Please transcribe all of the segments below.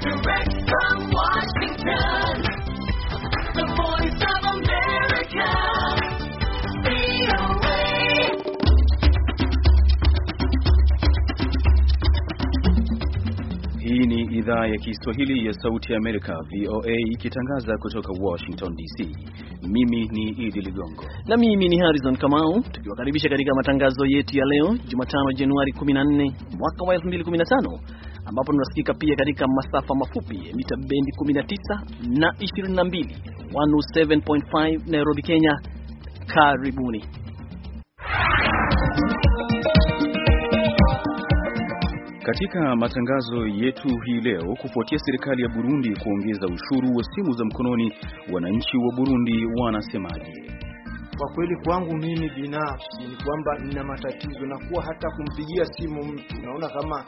Direct from Washington, the voice of America, VOA. Hii ni idhaa ya Kiswahili ya Sauti ya Amerika, VOA, ikitangaza kutoka Washington DC. Mimi ni Idi Ligongo na mimi ni Harrison Kamau, tukiwakaribisha katika matangazo yetu ya leo Jumatano, Januari 14 mwaka wa 2015 ambapo tunasikika pia katika masafa mafupi mita bendi 19 na 22, 107.5 Nairobi, Kenya. Karibuni. Katika matangazo yetu hii leo, kufuatia serikali ya Burundi kuongeza ushuru wa simu za mkononi, wananchi wa Burundi wanasemaje? Kwa kweli kwangu mimi binafsi ni kwamba nina matatizo na kuwa hata kumpigia simu mtu naona kama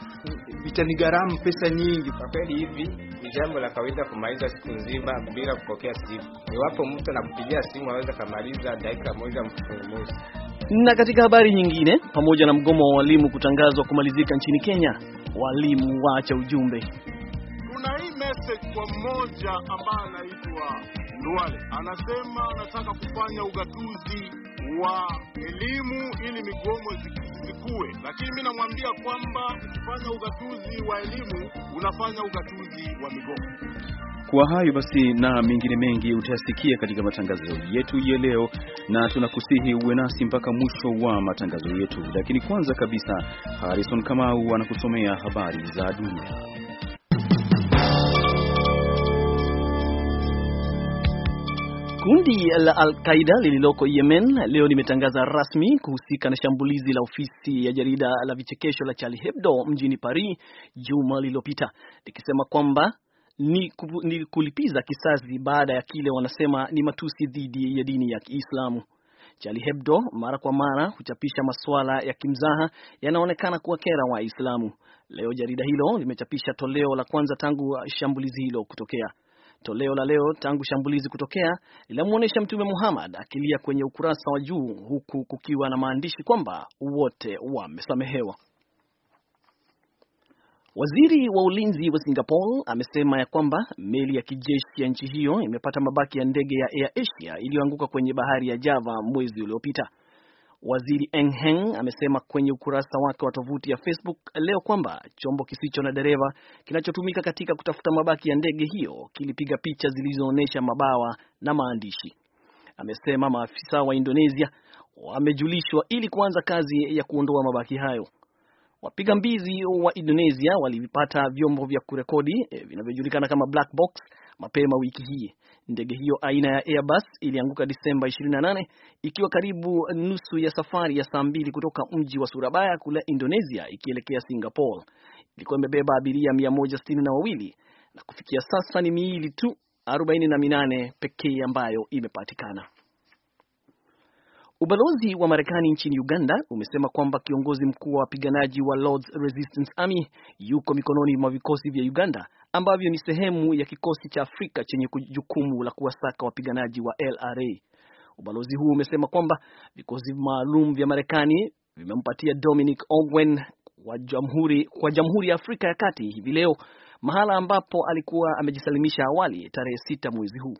itanigharamu pesa nyingi. Kwa kweli hivi ni jambo la kawaida kumaliza siku nzima bila kupokea simu. Iwapo mtu anakupigia simu anaweza kamaliza dakika moja mfululizo. Na katika habari nyingine, pamoja na mgomo wa walimu kutangazwa kumalizika nchini Kenya, walimu waacha ujumbe. hii message kwa mmoja ambaye anaitwa Nduale anasema anataka kufanya ugatuzi wa elimu ili migomo zikuwe, lakini mi namwambia kwamba ukifanya ugatuzi wa elimu unafanya ugatuzi wa migomo. Kwa hayo basi na mengine mengi utayasikia katika matangazo yetu ya leo, na tunakusihi uwe nasi mpaka mwisho wa matangazo yetu. Lakini kwanza kabisa, Harrison Kamau anakusomea habari za dunia. Kundi la Al-Qaida lililoko Yemen leo limetangaza rasmi kuhusika na shambulizi la ofisi ya jarida la vichekesho la Charlie Hebdo mjini Paris juma lililopita, likisema kwamba ni, ni kulipiza kisasi baada ya kile wanasema ni matusi dhidi ya dini ya Kiislamu. Charlie Hebdo mara kwa mara huchapisha masuala ya kimzaha yanaonekana kuwakera Waislamu. Leo jarida hilo limechapisha toleo la kwanza tangu shambulizi hilo kutokea. Toleo la leo tangu shambulizi kutokea linamwonyesha Mtume Muhammad akilia kwenye ukurasa wa juu huku kukiwa na maandishi kwamba wote wamesamehewa. Waziri wa ulinzi wa Singapore amesema ya kwamba meli ya kijeshi ya nchi hiyo imepata mabaki ya ndege ya Air Asia iliyoanguka kwenye bahari ya Java mwezi uliopita. Waziri Engheng amesema kwenye ukurasa wake wa tovuti ya Facebook leo kwamba chombo kisicho na dereva kinachotumika katika kutafuta mabaki ya ndege hiyo kilipiga picha zilizoonyesha mabawa na maandishi. Amesema maafisa wa Indonesia wamejulishwa ili kuanza kazi ya kuondoa mabaki hayo. Wapiga mbizi wa Indonesia walivipata vyombo vya kurekodi eh, vinavyojulikana kama black box Mapema wiki hii ndege hiyo aina ya Airbus ilianguka Disemba 28 ikiwa karibu nusu ya safari ya saa mbili kutoka mji wa Surabaya kule Indonesia ikielekea Singapore. Ilikuwa imebeba abiria 162 na kufikia sasa ni miili tu 48 pekee ambayo imepatikana. Ubalozi wa Marekani nchini Uganda umesema kwamba kiongozi mkuu wa wapiganaji wa Lords Resistance Army yuko mikononi mwa vikosi vya Uganda ambavyo ni sehemu ya kikosi cha Afrika chenye jukumu la kuwasaka wapiganaji wa LRA. Ubalozi huu umesema kwamba vikosi maalum vya Marekani vimempatia Dominic Ongwen wa jamhuri, kwa Jamhuri ya Afrika ya Kati hivi leo, mahala ambapo alikuwa amejisalimisha awali tarehe sita mwezi huu.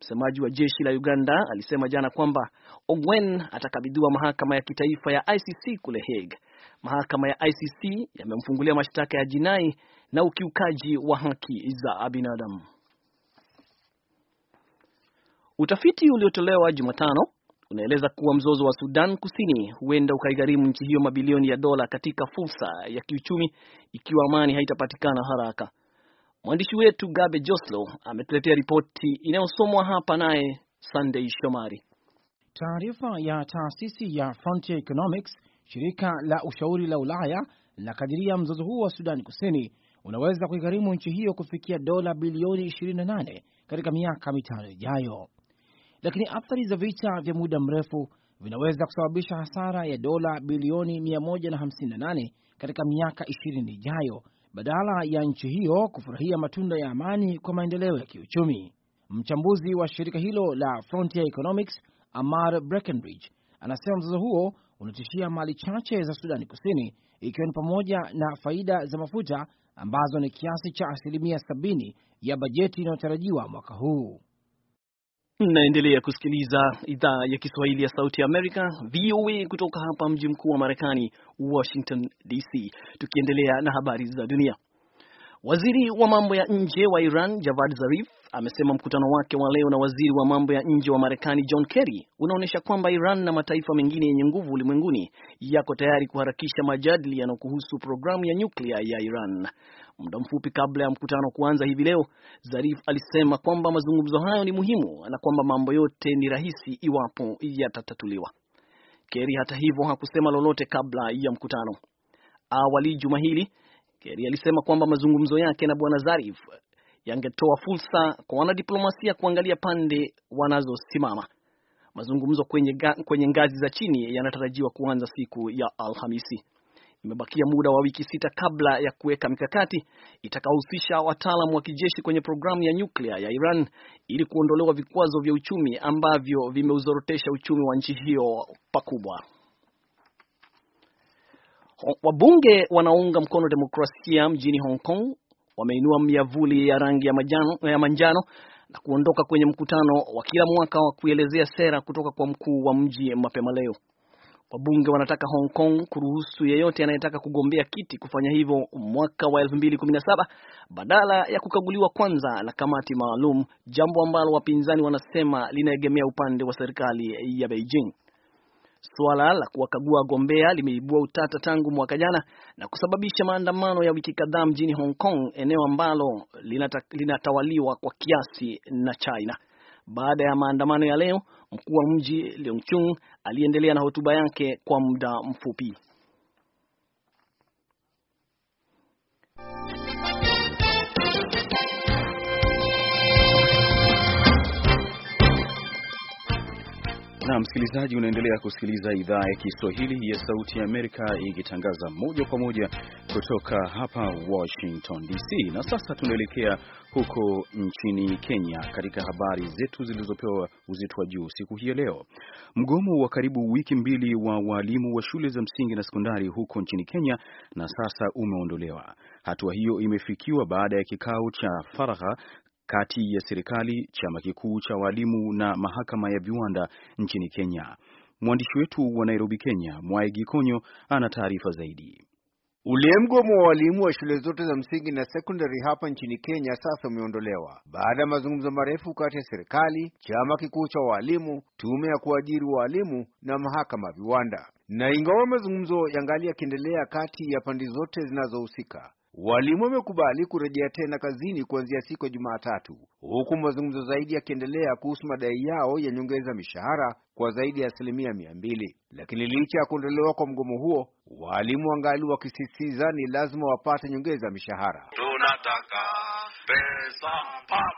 Msemaji wa jeshi la Uganda alisema jana kwamba Ongwen atakabidhiwa mahakama ya kitaifa ya ICC kule Hague. Mahakama ya ICC yamemfungulia mashtaka ya jinai na ukiukaji wa haki za binadamu. Utafiti uliotolewa Jumatano unaeleza kuwa mzozo wa Sudan Kusini huenda ukaigharimu nchi hiyo mabilioni ya dola katika fursa ya kiuchumi ikiwa amani haitapatikana haraka. Mwandishi wetu Gabe Joslow ametuletea ripoti inayosomwa hapa naye Sunday Shomari. Taarifa ya taasisi ya Frontier Economics, shirika la ushauri la Ulaya, linakadiria mzozo huo wa Sudani Kusini unaweza kuigharimu nchi hiyo kufikia dola bilioni 28 katika miaka mitano ijayo, lakini athari za vita vya muda mrefu vinaweza kusababisha hasara ya dola bilioni 158 katika miaka 20 ijayo badala ya nchi hiyo kufurahia matunda ya amani kwa maendeleo ya kiuchumi. Mchambuzi wa shirika hilo la Frontier Economics, Amar Breckenridge, anasema mzozo huo unatishia mali chache za Sudani Kusini, ikiwa ni pamoja na faida za mafuta ambazo ni kiasi cha asilimia sabini ya bajeti inayotarajiwa mwaka huu. Mnaendelea kusikiliza idhaa ya Kiswahili ya Sauti ya Amerika, VOA, kutoka hapa mji mkuu wa Marekani, Washington DC. Tukiendelea na habari za dunia, waziri wa mambo ya nje wa Iran Javad Zarif amesema mkutano wake wa leo na waziri wa mambo ya nje wa Marekani John Kerry unaonyesha kwamba Iran na mataifa mengine yenye nguvu ulimwenguni yako tayari kuharakisha majadiliano kuhusu programu ya nyuklia ya Iran. Muda mfupi kabla ya mkutano kuanza hivi leo, Zarif alisema kwamba mazungumzo hayo ni muhimu na kwamba mambo yote ni rahisi iwapo yatatatuliwa. keri hata hivyo hakusema lolote kabla ya mkutano. Awali juma hili, keri alisema kwamba mazungumzo yake na bwana Zarif yangetoa fursa kwa wanadiplomasia kuangalia pande wanazosimama. Mazungumzo kwenye, kwenye ngazi za chini yanatarajiwa kuanza siku ya Alhamisi. Imebakia muda wa wiki sita kabla ya kuweka mikakati itakaohusisha wataalamu wa kijeshi kwenye programu ya nyuklia ya Iran ili kuondolewa vikwazo vya uchumi ambavyo vimeuzorotesha uchumi wa nchi hiyo pakubwa. Wabunge wanaounga mkono demokrasia mjini Hong Kong wameinua miavuli ya rangi ya manjano, ya manjano na kuondoka kwenye mkutano wa kila mwaka wa kuelezea sera kutoka kwa mkuu wa mji mapema leo. Wabunge wanataka Hong Kong kuruhusu yeyote anayetaka kugombea kiti kufanya hivyo mwaka wa 2017 badala ya kukaguliwa kwanza na kamati maalum, jambo ambalo wapinzani wanasema linaegemea upande wa serikali ya Beijing. Suala la kuwakagua wagombea limeibua utata tangu mwaka jana na kusababisha maandamano ya wiki kadhaa mjini Hong Kong, eneo ambalo linatawaliwa kwa kiasi na China. Baada ya maandamano ya leo, mkuu wa mji Leung Chung aliendelea na hotuba yake kwa muda mfupi. Na msikilizaji, unaendelea kusikiliza idhaa ya Kiswahili ya Sauti ya Amerika ikitangaza moja kwa moja kutoka hapa Washington DC. Na sasa tunaelekea huko nchini Kenya katika habari zetu zilizopewa uzito wa juu siku hii ya leo. Mgomo wa karibu wiki mbili wa waalimu wa shule za msingi na sekondari huko nchini Kenya na sasa umeondolewa. Hatua hiyo imefikiwa baada ya kikao cha faragha kati ya serikali, chama kikuu cha walimu na mahakama ya viwanda nchini Kenya. Mwandishi wetu wa Nairobi, Kenya, Mwai Gikonyo ana taarifa zaidi. Ule mgomo wa walimu wa shule zote za msingi na sekondari hapa nchini Kenya sasa umeondolewa baada ya mazungumzo marefu kati ya serikali, chama kikuu cha walimu, tume ya kuajiri walimu na mahakama ya viwanda. Na ingawa mazungumzo yangali yakiendelea kati ya pande zote zinazohusika, Walimu wamekubali kurejea tena kazini kuanzia siku ya Jumatatu, huku mazungumzo zaidi yakiendelea kuhusu madai yao ya nyongeza mishahara kwa zaidi ya asilimia mia mbili. Lakini licha ya kuondolewa kwa mgomo huo, walimu wangali wakisisitiza ni lazima wapate nyongeza mishahara. Tunataka pesa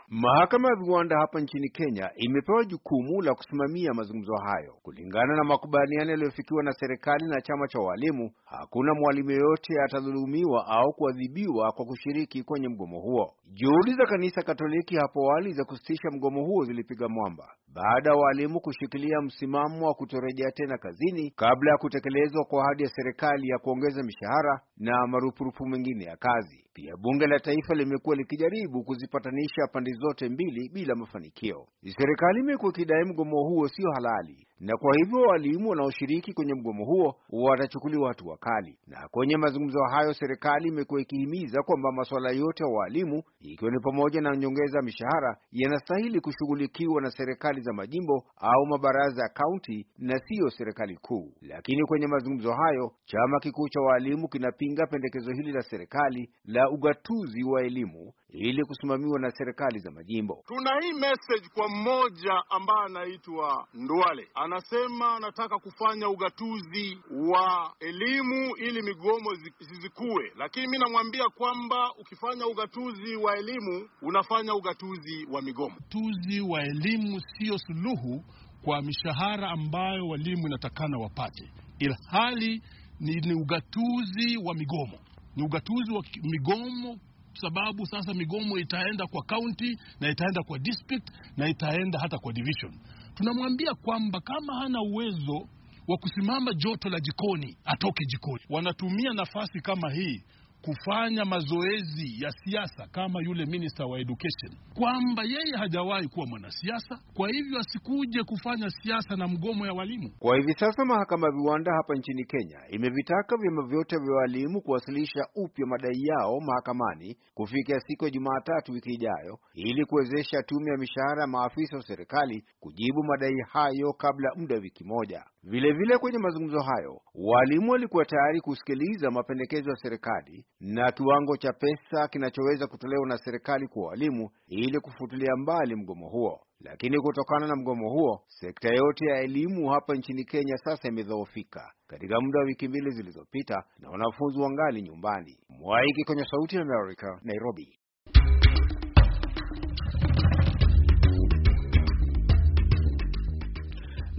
Mahakama ya viwanda hapa nchini Kenya imepewa jukumu la kusimamia mazungumzo hayo. Kulingana na makubaliano yaliyofikiwa na serikali na chama cha walimu, hakuna mwalimu yoyote atadhulumiwa au kuadhibiwa kwa kushiriki kwenye mgomo huo. Juhudi za kanisa Katoliki hapo awali za kusitisha mgomo huo zilipiga mwamba baada ya waalimu kushikilia msimamo wa kutorejea tena kazini kabla ya kutekelezwa kwa ahadi ya serikali ya kuongeza mishahara na marupurupu mengine ya kazi. Pia bunge la taifa limekuwa likijaribu kuzipatanisha pande zote mbili bila mafanikio. Serikali imekuwa ikidai mgomo huo sio halali, na kwa hivyo waalimu wanaoshiriki kwenye mgomo huo watachukuliwa hatua kali. Na kwenye mazungumzo hayo, serikali imekuwa ikihimiza kwamba masuala yote ya waalimu ikiwa ni pamoja na nyongeza ya mishahara yanastahili kushughulikiwa na serikali za majimbo au mabaraza ya kaunti na siyo serikali kuu. Lakini kwenye mazungumzo hayo, chama kikuu cha waalimu kinapinga pendekezo hili la serikali la ugatuzi wa elimu ili kusimamiwa na serikali za majimbo. Tuna hii message kwa mmoja ambaye anaitwa Ndwale, anasema anataka kufanya ugatuzi wa elimu ili migomo zizikue, lakini mi namwambia kwamba ukifanya ugatuzi wa elimu unafanya ugatuzi wa migomo. Ugatuzi wa elimu sio suluhu kwa mishahara ambayo walimu inatakana wapate, ilhali ni, ni ugatuzi wa migomo, ni ugatuzi wa migomo sababu sasa migomo itaenda kwa county na itaenda kwa district na itaenda hata kwa division. Tunamwambia kwamba kama hana uwezo wa kusimama joto la jikoni atoke jikoni. Wanatumia nafasi kama hii kufanya mazoezi ya siasa kama yule minister wa education, kwamba yeye hajawahi kuwa mwanasiasa, kwa hivyo asikuje kufanya siasa na mgomo ya walimu. Kwa hivi sasa mahakama ya viwanda hapa nchini Kenya imevitaka vyama vyote vya walimu kuwasilisha upya madai yao mahakamani kufikia siku ya Jumatatu wiki ijayo, ili kuwezesha tume ya mishahara ya maafisa wa serikali kujibu madai hayo kabla muda wa wiki moja. Vilevile, kwenye mazungumzo hayo walimu walikuwa tayari kusikiliza mapendekezo ya serikali na kiwango cha pesa kinachoweza kutolewa na serikali kwa walimu ili kufutilia mbali mgomo huo. Lakini kutokana na mgomo huo, sekta yote ya elimu hapa nchini Kenya sasa imedhoofika katika muda wa wiki mbili zilizopita, na wanafunzi wangali nyumbani. Mwaiki kwenye Sauti ya Amerika, Nairobi.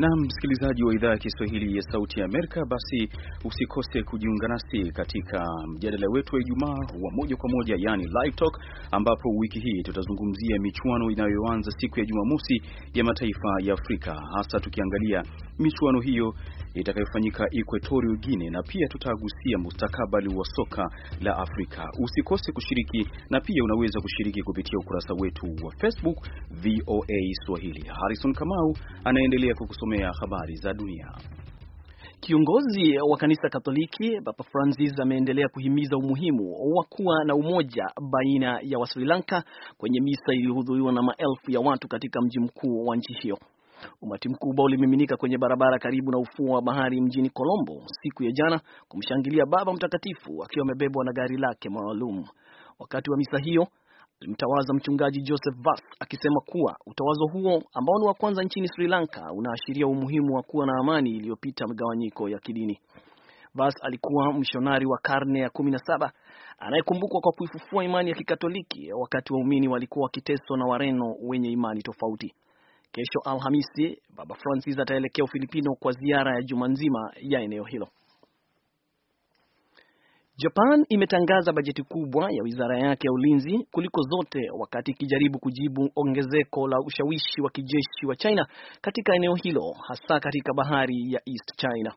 na msikilizaji wa idhaa ya Kiswahili ya Sauti ya Amerika, basi usikose kujiunga nasi katika mjadala wetu wa Ijumaa wa moja kwa moja, yani live talk, ambapo wiki hii tutazungumzia michuano inayoanza siku ya Jumamosi ya mataifa ya Afrika, hasa tukiangalia michuano hiyo itakayofanyika Equatorial Guinea, na pia tutagusia mustakabali wa soka la Afrika. Usikose kushiriki, na pia unaweza kushiriki kupitia ukurasa wetu wa Facebook VOA Swahili. Harrison Kamau anaendelea kukusomea habari za dunia. Kiongozi wa kanisa Katoliki Papa Francis ameendelea kuhimiza umuhimu wa kuwa na umoja baina ya Wasri Lanka kwenye misa iliyohudhuriwa na maelfu ya watu katika mji mkuu wa nchi hiyo. Umati mkubwa ulimiminika kwenye barabara karibu na ufuo wa bahari mjini Colombo siku ya jana kumshangilia Baba Mtakatifu akiwa amebebwa na gari lake maalum. Wakati wa misa hiyo alimtawaza mchungaji Joseph Vas akisema kuwa utawazo huo ambao ni wa kwanza nchini Sri Lanka unaashiria umuhimu wa kuwa na amani iliyopita mgawanyiko ya kidini. Vas alikuwa mshonari wa karne ya 17 anayekumbukwa kwa kuifufua imani ya Kikatoliki wakati waumini walikuwa wakiteswa na Wareno wenye imani tofauti. Kesho Alhamisi, baba Francis ataelekea Ufilipino kwa ziara ya juma nzima ya eneo hilo. Japan imetangaza bajeti kubwa ya wizara yake ya ulinzi kuliko zote wakati ikijaribu kujibu ongezeko la ushawishi wa kijeshi wa China katika eneo hilo hasa katika bahari ya East China.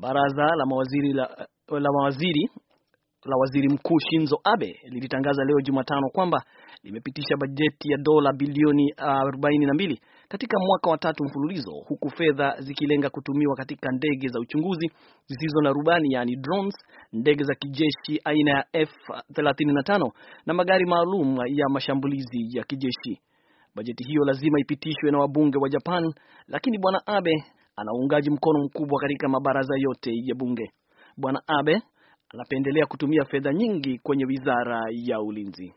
Baraza la mawaziri, la, la mawaziri la waziri mkuu Shinzo Abe lilitangaza leo Jumatano kwamba limepitisha bajeti ya dola bilioni 42 katika mwaka wa tatu mfululizo, huku fedha zikilenga kutumiwa katika ndege za uchunguzi zisizo na rubani, yani drones, ndege za kijeshi aina ya F35 na magari maalum ya mashambulizi ya kijeshi. Bajeti hiyo lazima ipitishwe na wabunge wa Japan, lakini bwana Abe ana uungaji mkono mkubwa katika mabaraza yote ya bunge. Bwana Abe anapendelea kutumia fedha nyingi kwenye wizara ya ulinzi.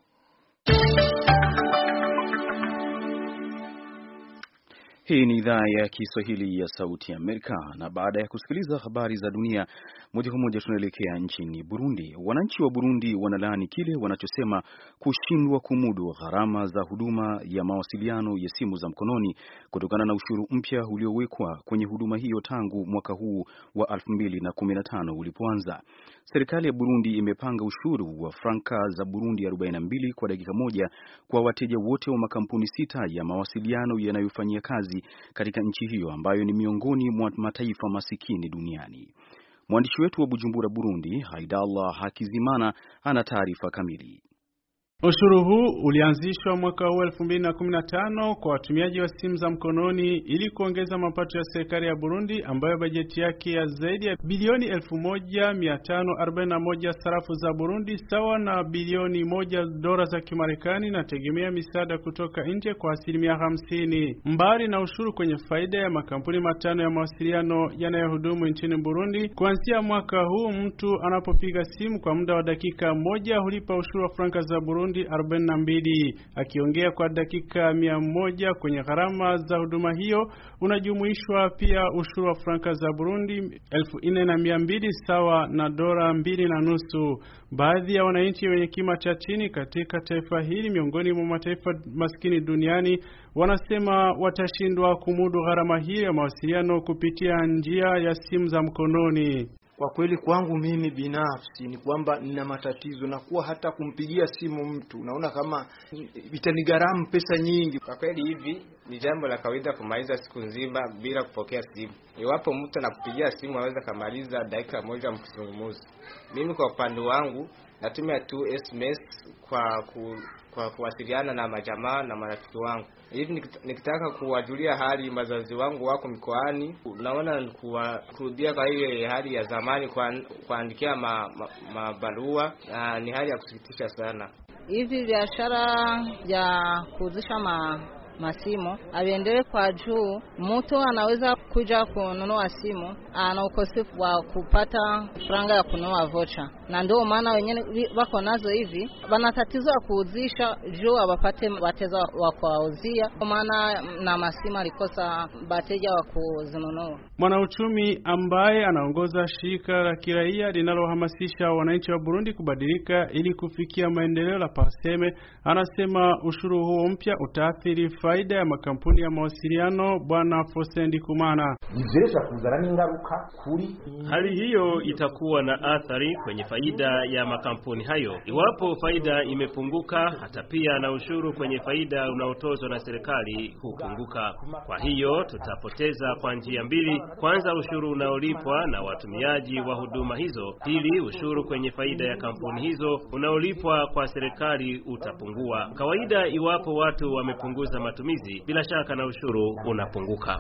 Hii ni idhaa ya Kiswahili ya Sauti Amerika, na baada ya kusikiliza habari za dunia moja kwa moja tunaelekea nchini Burundi. Wananchi wa Burundi wanalaani kile wanachosema kushindwa kumudu gharama za huduma ya mawasiliano ya simu za mkononi kutokana na ushuru mpya uliowekwa kwenye huduma hiyo tangu mwaka huu wa 2015 ulipoanza. Serikali ya Burundi imepanga ushuru wa franka za Burundi 42 kwa dakika moja kwa wateja wote wa makampuni sita ya mawasiliano yanayofanyia kazi zaidi katika nchi hiyo ambayo ni miongoni mwa mataifa masikini duniani. Mwandishi wetu wa Bujumbura, Burundi, Haidallah Hakizimana ana taarifa kamili. Ushuru huu ulianzishwa mwaka huu 2015 kwa watumiaji wa simu za mkononi ili kuongeza mapato ya serikali ya Burundi ambayo bajeti yake ya zaidi ya bilioni 1541 sarafu za Burundi sawa na bilioni moja dola za Kimarekani inategemea misaada kutoka nje kwa asilimia 50. Mbali na ushuru kwenye faida ya makampuni matano ya mawasiliano yanayohudumu nchini Burundi, kuanzia mwaka huu mtu anapopiga simu kwa muda wa dakika moja hulipa ushuru wa franka za Burundi paundi 42. Akiongea kwa dakika mia moja kwenye gharama za huduma hiyo unajumuishwa pia ushuru wa franka za Burundi elfu nne na mia mbili sawa na dola mbili na nusu. Baadhi ya wananchi wenye kima cha chini katika taifa hili miongoni mwa mataifa maskini duniani wanasema watashindwa kumudu gharama hiyo ya mawasiliano kupitia njia ya simu za mkononi. Kwa kweli kwangu mimi binafsi ni kwamba nina matatizo na kuwa hata kumpigia simu mtu naona kama itanigharamu pesa nyingi. Kwa kweli hivi ni jambo la kawaida kumaliza siku nzima bila kupokea simu. Iwapo mtu anakupigia simu, anaweza kamaliza dakika moja mkizungumuzi. Mimi kwa upande wangu natumia tu SMS kwa ku kwa kuwasiliana na majamaa na marafiki wangu. Hivi nikitaka kuwajulia hali wazazi wangu wako mikoani naona kurudia kwa ile hali ya zamani, kuandikia mabarua ma, ma na ni hali ya kusikitisha sana. Hivi biashara ya kuuzisha masimu aviendewe kwa juu. Mtu anaweza kuja kununua simu, ana ukosefu wa kupata franga ya kununua vocha, na ndio maana wenyewe wako nazo hivi, wana tatizo ya kuuzisha juu wapate wateza wa kuwauzia, kwa maana na masimu alikosa bateja wa kuzinunua. Mwanauchumi ambaye anaongoza shirika la kiraia linalohamasisha wananchi wa Burundi kubadilika ili kufikia maendeleo la Paseme anasema ushuru huo mpya utaathiri faida ya makampuni ya mawasiliano Bwana Fosendi Kumana. Hali hiyo itakuwa na athari kwenye faida ya makampuni hayo iwapo faida imepunguka, hata pia na ushuru kwenye faida unaotozwa na serikali hupunguka. Kwa hiyo tutapoteza kwa njia mbili, kwanza ushuru unaolipwa na watumiaji wa huduma hizo, pili ushuru kwenye faida ya kampuni hizo unaolipwa kwa serikali utapungua. Kawaida iwapo watu wamepunguza matumizi, bila shaka na ushuru unapunguka.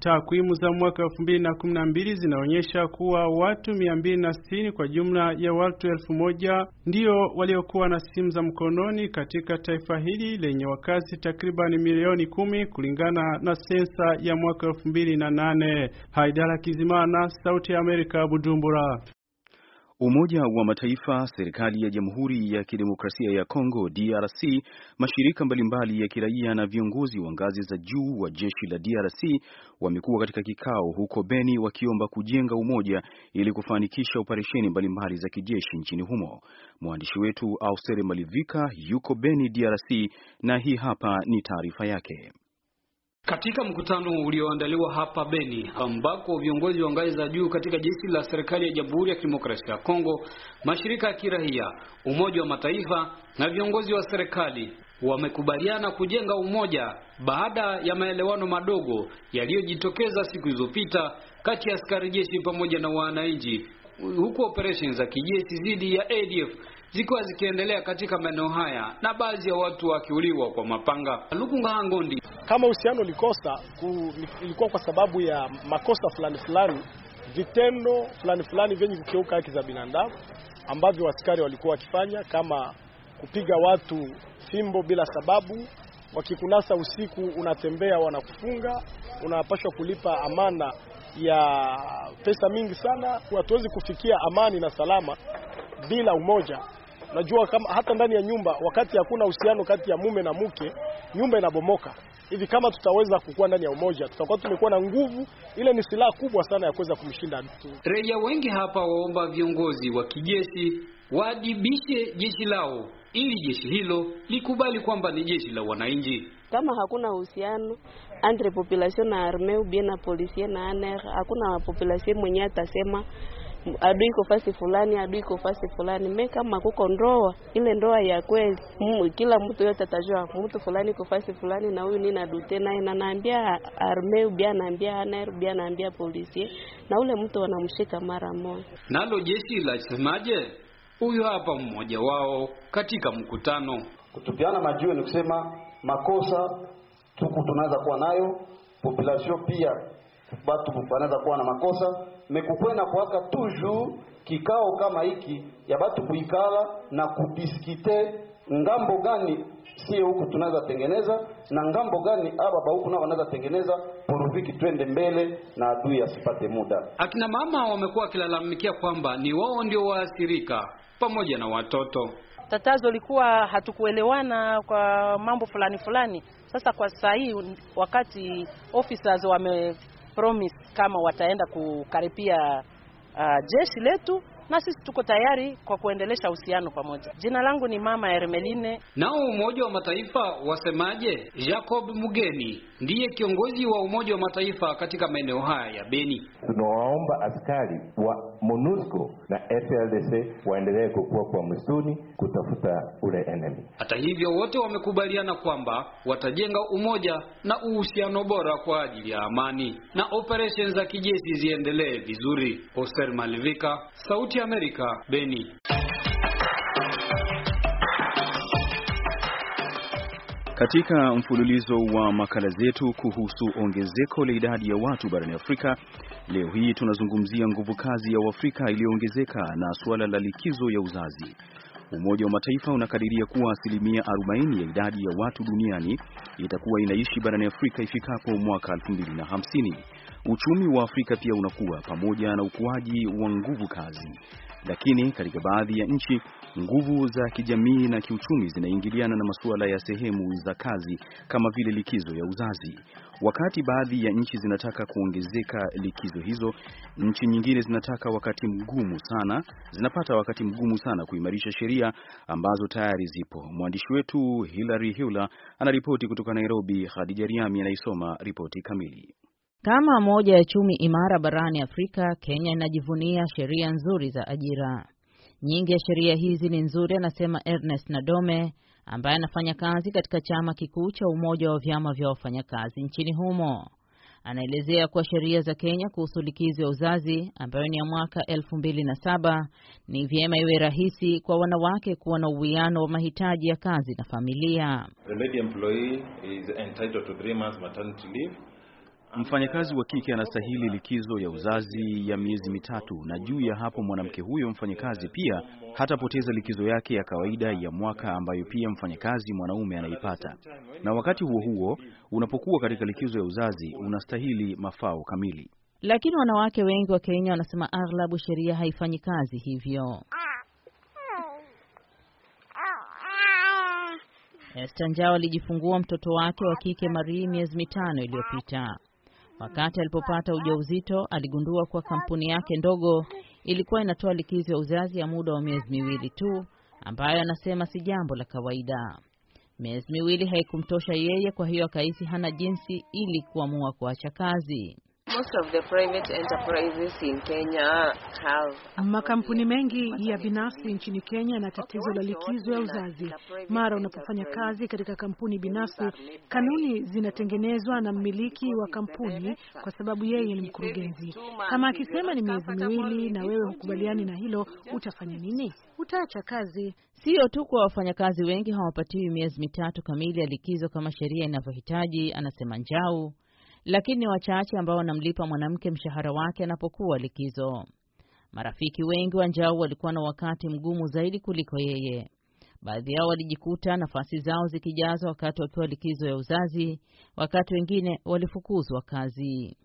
Takwimu za mwaka 2012 zinaonyesha kuwa watu 260 kwa jumla ya watu elfu moja ndio waliokuwa na simu za mkononi katika taifa hili lenye wakazi takriban milioni kumi kulingana na sensa ya mwaka 2008. Haidara Kizimana, Sauti ya Amerika, Bujumbura. Umoja wa Mataifa, serikali ya Jamhuri ya Kidemokrasia ya Kongo DRC, mashirika mbalimbali ya kiraia na viongozi wa ngazi za juu wa jeshi la DRC wamekuwa katika kikao huko Beni wakiomba kujenga umoja ili kufanikisha operesheni mbalimbali za kijeshi nchini humo. Mwandishi wetu Ausere Malivika yuko Beni, DRC, na hii hapa ni taarifa yake. Katika mkutano ulioandaliwa hapa Beni ambako viongozi wa ngazi za juu katika jeshi la serikali ya Jamhuri ya Kidemokrasia ya Kongo, mashirika ya kiraia, Umoja wa Mataifa na viongozi wa serikali wamekubaliana kujenga umoja baada ya maelewano madogo yaliyojitokeza siku zilizopita kati ya askari jeshi pamoja na wananchi, huku operations za kijeshi dhidi ya ADF zikiwa zikiendelea katika maeneo haya na baadhi ya watu wakiuliwa kwa mapanga. Lukungaha Ngondi: kama uhusiano ulikosa, ilikuwa kwa sababu ya makosa fulani fulani, vitendo fulani fulani vyenye kukeuka haki za binadamu ambavyo askari walikuwa wakifanya, kama kupiga watu fimbo bila sababu, wakikunasa usiku, unatembea wanakufunga, unapashwa kulipa amana ya pesa mingi sana. Hatuwezi kufikia amani na salama bila umoja Unajua kama hata ndani ya nyumba wakati hakuna uhusiano kati ya mume na mke, nyumba inabomoka. Hivi kama tutaweza kukua ndani ya umoja, tutakuwa tumekuwa na nguvu. Ile ni silaha kubwa sana ya kuweza kumshinda mtu. Raia wengi hapa waomba viongozi wa kijeshi waadibishe jeshi lao ili jeshi hilo likubali kwamba ni jeshi la wananchi. Kama hakuna uhusiano entre population na arme ou bien na polisie na aner, hakuna population mwenye atasema adui iko fasi fulani, adui iko fasi fulani. Me kama kuko ndoa ile ndoa ya kweli, kila mtu yote atajua mtu fulani iko fasi fulani na huyu nina dute naye, na naambia arme ubia, naambia haner ubia, naambia polisi, na ule mtu wanamshika mara moja. Nalo jeshi lasemaje? Huyu hapa mmoja wao katika mkutano. Kutupiana majiwe ni kusema makosa tuku tunaweza kuwa nayo population pia batu banaweza kuwa na makosa mekukwena kuaka toujours kikao kama hiki ya batu kuikala na kudiskite ngambo gani sie huku tunaweza tengeneza na ngambo gani ababa huku nao wanaweza tengeneza poruviki, twende mbele na adui asipate muda. Akina mama wamekuwa wakilalamikia kwamba ni wao ndio waathirika pamoja na watoto. Tatazo likuwa hatukuelewana kwa mambo fulani fulani. Sasa kwa sasa hii wakati officers wame promise kama wataenda kukaribia uh, jeshi letu na sisi tuko tayari kwa kuendelesha uhusiano pamoja. Jina langu ni Mama Hermeline. Nao Umoja wa Mataifa wasemaje? Jacob Mugeni ndiye kiongozi wa Umoja wa Mataifa katika maeneo haya ya Beni. Tunawaomba askari wa MONUSCO na FLDC waendelee kukua kwa msituni kutafuta ule enemy. Hata hivyo, wote wamekubaliana kwamba watajenga umoja na uhusiano bora kwa ajili ya amani na operations za kijeshi ziendelee vizuri. Oster Malivika, Sauti ya Amerika, Beni. Katika mfululizo wa makala zetu kuhusu ongezeko la idadi ya watu barani Afrika, leo hii tunazungumzia nguvu kazi ya waafrika iliyoongezeka na suala la likizo ya uzazi. Umoja wa Mataifa unakadiria kuwa asilimia 40 ya idadi ya watu duniani itakuwa inaishi barani Afrika ifikapo mwaka 2050. Uchumi wa Afrika pia unakuwa pamoja na ukuaji wa nguvu kazi, lakini katika baadhi ya nchi Nguvu za kijamii na kiuchumi zinaingiliana na masuala ya sehemu za kazi kama vile likizo ya uzazi. Wakati baadhi ya nchi zinataka kuongezeka likizo hizo, nchi nyingine zinataka wakati mgumu sana, zinapata wakati mgumu sana kuimarisha sheria ambazo tayari zipo. Mwandishi wetu Hilary Hula anaripoti kutoka Nairobi. Khadija Riami anaisoma ripoti kamili. Kama moja ya chumi imara barani Afrika, Kenya inajivunia sheria nzuri za ajira. Nyingi ya sheria hizi ni nzuri, anasema Ernest Nadome ambaye anafanya kazi katika chama kikuu cha umoja wa vyama vya wafanyakazi nchini humo. Anaelezea kuwa sheria za Kenya kuhusu likizo ya uzazi ambayo ni ya mwaka saba ni vyema iwe rahisi kwa wanawake kuwa na uwiano wa mahitaji ya kazi na familia. The lady employee is entitled to three months maternity leave Mfanyakazi wa kike anastahili likizo ya uzazi ya miezi mitatu, na juu ya hapo mwanamke huyo mfanyakazi pia hatapoteza likizo yake ya kawaida ya mwaka ambayo pia mfanyakazi mwanaume anaipata. Na wakati huo huo, unapokuwa katika likizo ya uzazi unastahili mafao kamili. Lakini wanawake wengi wa Kenya wanasema aghlabu sheria haifanyi kazi hivyo. Esther Njao alijifungua mtoto wake wa kike Marie miezi mitano iliyopita. Wakati alipopata ujauzito, aligundua kuwa kampuni yake ndogo ilikuwa inatoa likizo ya uzazi ya muda wa miezi miwili tu, ambayo anasema si jambo la kawaida. Miezi miwili haikumtosha yeye, kwa hiyo akahisi hana jinsi ili kuamua kuacha kazi. Makampuni mengi ya binafsi nchini Kenya na tatizo la likizo ya uzazi. Mara unapofanya kazi katika kampuni binafsi, kanuni zinatengenezwa na mmiliki wa kampuni, kwa sababu yeye ni mkurugenzi. Kama akisema ni miezi miwili na wewe hukubaliani na hilo, utafanya nini? Utaacha kazi. Sio tu kwa wafanyakazi wengi hawapatiwi miezi mitatu kamili ya likizo kama sheria inavyohitaji, anasema Njau lakini ni wachache ambao wanamlipa mwanamke mshahara wake anapokuwa likizo. Marafiki wengi wa Njau walikuwa na wakati mgumu zaidi kuliko yeye. Baadhi yao walijikuta nafasi zao zikijazwa wakati wakiwa likizo ya uzazi, wakati wengine walifukuzwa kazi.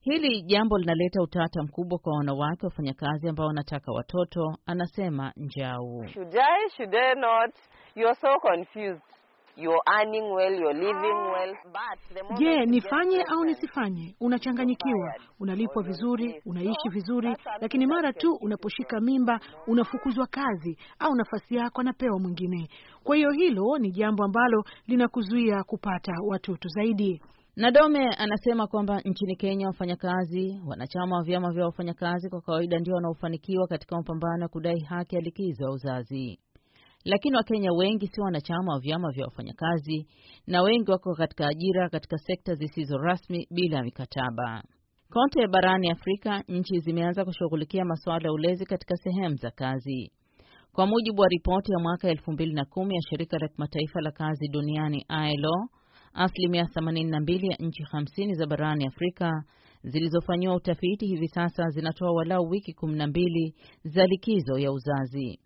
Hili jambo linaleta utata mkubwa kwa wanawake wafanyakazi ambao wanataka watoto, anasema Njau. Should I, should I not? You are so confused. Ah, je, nifanye au nisifanye? Unachanganyikiwa, unalipwa vizuri, unaishi vizuri, lakini mara tu unaposhika mimba unafukuzwa kazi au nafasi yako anapewa mwingine. Kwa hiyo hilo ni jambo ambalo linakuzuia kupata watoto zaidi. Nadome anasema kwamba nchini Kenya wafanyakazi wanachama wa vyama vya wafanyakazi kwa kawaida ndio wanaofanikiwa katika mapambano ya kudai haki ya likizo ya uzazi. Lakini Wakenya wengi si wanachama wa vyama vya wafanyakazi na wengi wako katika ajira katika sekta zisizo rasmi bila mikataba. Kote barani Afrika nchi zimeanza kushughulikia masuala ya ulezi katika sehemu za kazi. Kwa mujibu wa ripoti ya mwaka 2010 ya shirika la kimataifa la kazi duniani ILO, asilimia 82 ya nchi 50 za barani Afrika zilizofanyiwa utafiti hivi sasa zinatoa walau wiki 12 za likizo ya uzazi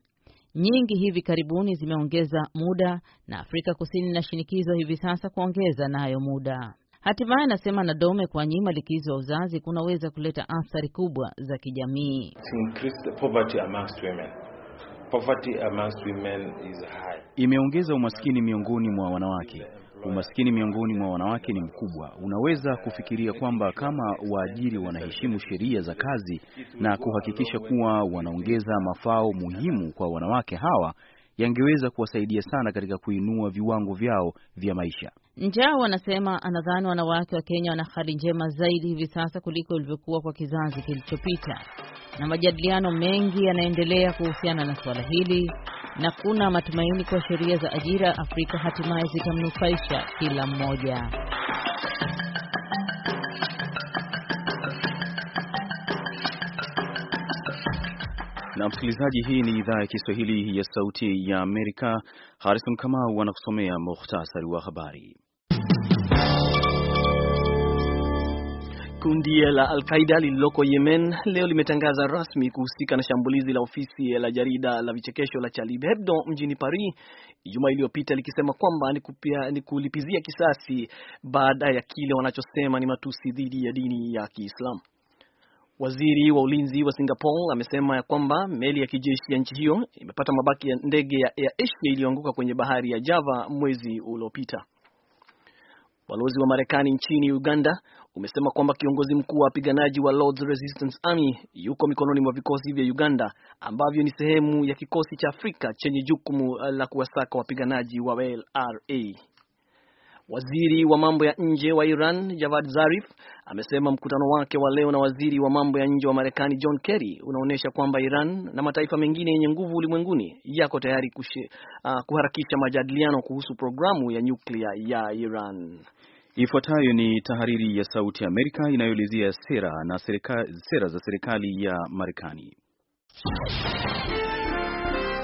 nyingi hivi karibuni zimeongeza muda na Afrika Kusini inashinikizwa hivi sasa kuongeza nayo na muda. Hatimaye anasema Nadome nyima likizo ya uzazi kunaweza kuleta athari kubwa za kijamii. Imeongeza umaskini miongoni mwa wanawake Umaskini miongoni mwa wanawake ni mkubwa. Unaweza kufikiria kwamba kama waajiri wanaheshimu sheria za kazi na kuhakikisha kuwa wanaongeza mafao muhimu kwa wanawake hawa yangeweza kuwasaidia sana katika kuinua viwango vyao vya maisha. Njao wanasema anadhani wanawake wa Kenya wana hali njema zaidi hivi sasa kuliko ilivyokuwa kwa kizazi kilichopita, na majadiliano mengi yanaendelea kuhusiana na suala hili na kuna matumaini kwa sheria za ajira Afrika hatimaye zitamnufaisha kila mmoja. Na msikilizaji, hii ni idhaa ya Kiswahili ya Sauti ya Amerika. Harrison Kamau anakusomea muhtasari wa habari. Kundi la Al-Qaida lililoko Yemen leo limetangaza rasmi kuhusika na shambulizi la ofisi la jarida la vichekesho la Charlie Hebdo mjini Paris Ijumaa iliyopita likisema kwamba ni, kupia, ni kulipizia kisasi baada ya kile wanachosema ni matusi dhidi ya dini ya Kiislamu. Waziri wa ulinzi wa Singapore amesema ya kwamba meli ya kijeshi ya nchi hiyo imepata mabaki ya ndege ya Air Asia iliyoanguka kwenye bahari ya Java mwezi uliopita. Ubalozi wa Marekani nchini Uganda umesema kwamba kiongozi mkuu wa wapiganaji wa Lords Resistance Army yuko mikononi mwa vikosi vya Uganda ambavyo ni sehemu ya kikosi cha Afrika chenye jukumu la kuwasaka wapiganaji wa LRA. Waziri wa mambo ya nje wa Iran Javad Zarif amesema mkutano wake wa leo na waziri wa mambo ya nje wa Marekani John Kerry unaonyesha kwamba Iran na mataifa mengine yenye nguvu ulimwenguni yako tayari kushe, uh, kuharakisha majadiliano kuhusu programu ya nyuklia ya Iran. Ifuatayo ni tahariri ya Sauti ya Amerika inayoelezea sera na sera za serikali ya Marekani.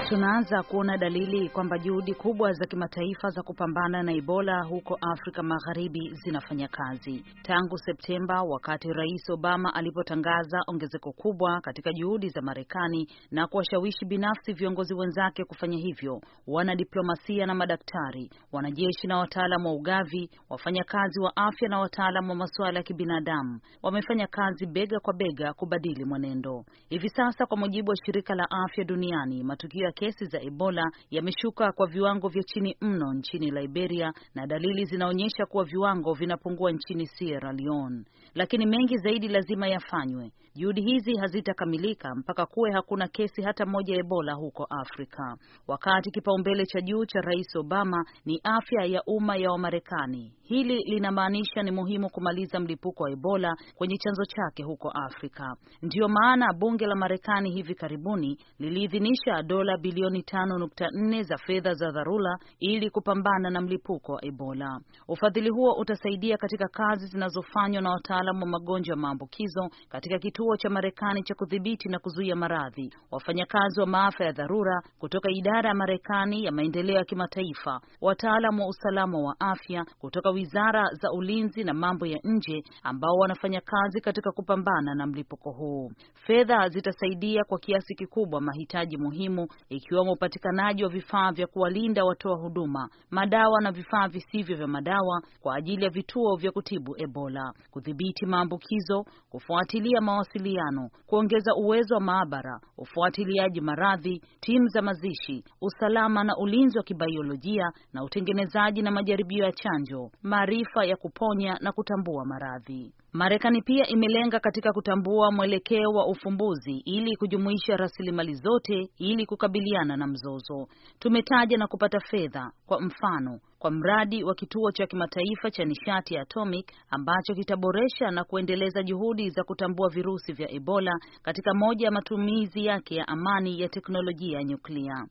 Tunaanza kuona dalili kwamba juhudi kubwa za kimataifa za kupambana na Ebola huko Afrika Magharibi zinafanya kazi. Tangu Septemba, wakati Rais Obama alipotangaza ongezeko kubwa katika juhudi za Marekani na kuwashawishi binafsi viongozi wenzake kufanya hivyo, wanadiplomasia na madaktari, wanajeshi na wataalam wa ugavi, wafanyakazi wa afya na wataalam wa masuala ya kibinadamu wamefanya kazi bega kwa bega kubadili mwenendo. Hivi sasa, kwa mujibu wa Shirika la Afya Duniani, matukio kesi za Ebola yameshuka kwa viwango vya chini mno nchini Liberia na dalili zinaonyesha kuwa viwango vinapungua nchini Sierra Leone lakini mengi zaidi lazima yafanywe. Juhudi hizi hazitakamilika mpaka kuwe hakuna kesi hata moja ya Ebola huko Afrika, wakati kipaumbele cha juu cha Rais Obama ni afya ya umma ya Wamarekani. Hili linamaanisha ni muhimu kumaliza mlipuko wa Ebola kwenye chanzo chake huko Afrika. Ndiyo maana bunge la Marekani hivi karibuni liliidhinisha dola bilioni 5.4 za fedha za dharura ili kupambana na mlipuko wa Ebola. Ufadhili huo utasaidia katika kazi zinazofanywa na wata wataalamu wa magonjwa ya maambukizo katika kituo cha Marekani cha kudhibiti na kuzuia maradhi, wafanyakazi wa maafa ya dharura kutoka idara ya Marekani ya maendeleo ya kimataifa, wataalamu wa usalama wa afya kutoka wizara za ulinzi na mambo ya nje ambao wanafanya kazi katika kupambana na mlipuko huu. Fedha zitasaidia kwa kiasi kikubwa mahitaji muhimu ikiwemo upatikanaji wa vifaa vya kuwalinda watoa huduma, madawa na vifaa visivyo vya madawa kwa ajili ya vituo vya kutibu Ebola, kudhibiti kudhibiti maambukizo, kufuatilia mawasiliano, kuongeza uwezo wa maabara, ufuatiliaji maradhi, timu za mazishi, usalama na ulinzi wa kibaiolojia, na utengenezaji na majaribio ya chanjo, maarifa ya kuponya na kutambua maradhi. Marekani pia imelenga katika kutambua mwelekeo wa ufumbuzi ili kujumuisha rasilimali zote ili kukabiliana na mzozo. Tumetaja na kupata fedha, kwa mfano, kwa mradi wa kituo cha kimataifa cha nishati ya atomic ambacho kitaboresha na kuendeleza juhudi za kutambua virusi vya Ebola katika moja ya matumizi yake ya amani ya teknolojia ya nyuklia.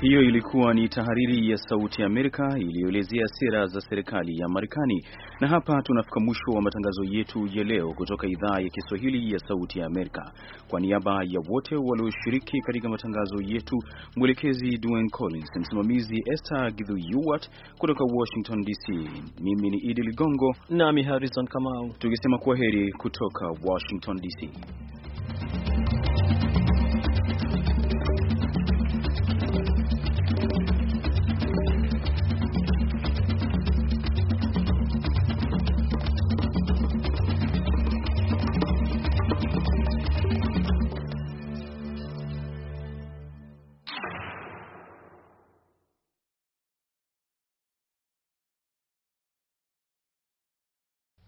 Hiyo ilikuwa ni tahariri ya Sauti ya Amerika iliyoelezea sera za serikali ya Marekani. Na hapa tunafika mwisho wa matangazo yetu ya leo kutoka idhaa ya Kiswahili ya Sauti ya Amerika. Kwa niaba ya wote walioshiriki katika matangazo yetu, mwelekezi Dwayne Collins, msimamizi Esther Githyuwat, kutoka Washington DC, mimi ni Idi Ligongo nami Harrison Kamau, tukisema kwa heri kutoka Washington DC.